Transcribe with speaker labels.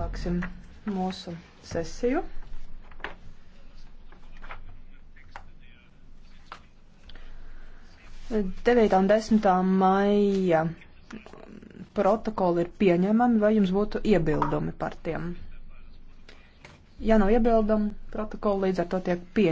Speaker 1: Sāksim mūsu sesiju.
Speaker 2: Devītā un desmitā maija protokoli ir pieņemami, vai jums būtu iebildumi par tiem? Ja nav iebildumu, protokoli līdz ar to tiek pieņemami.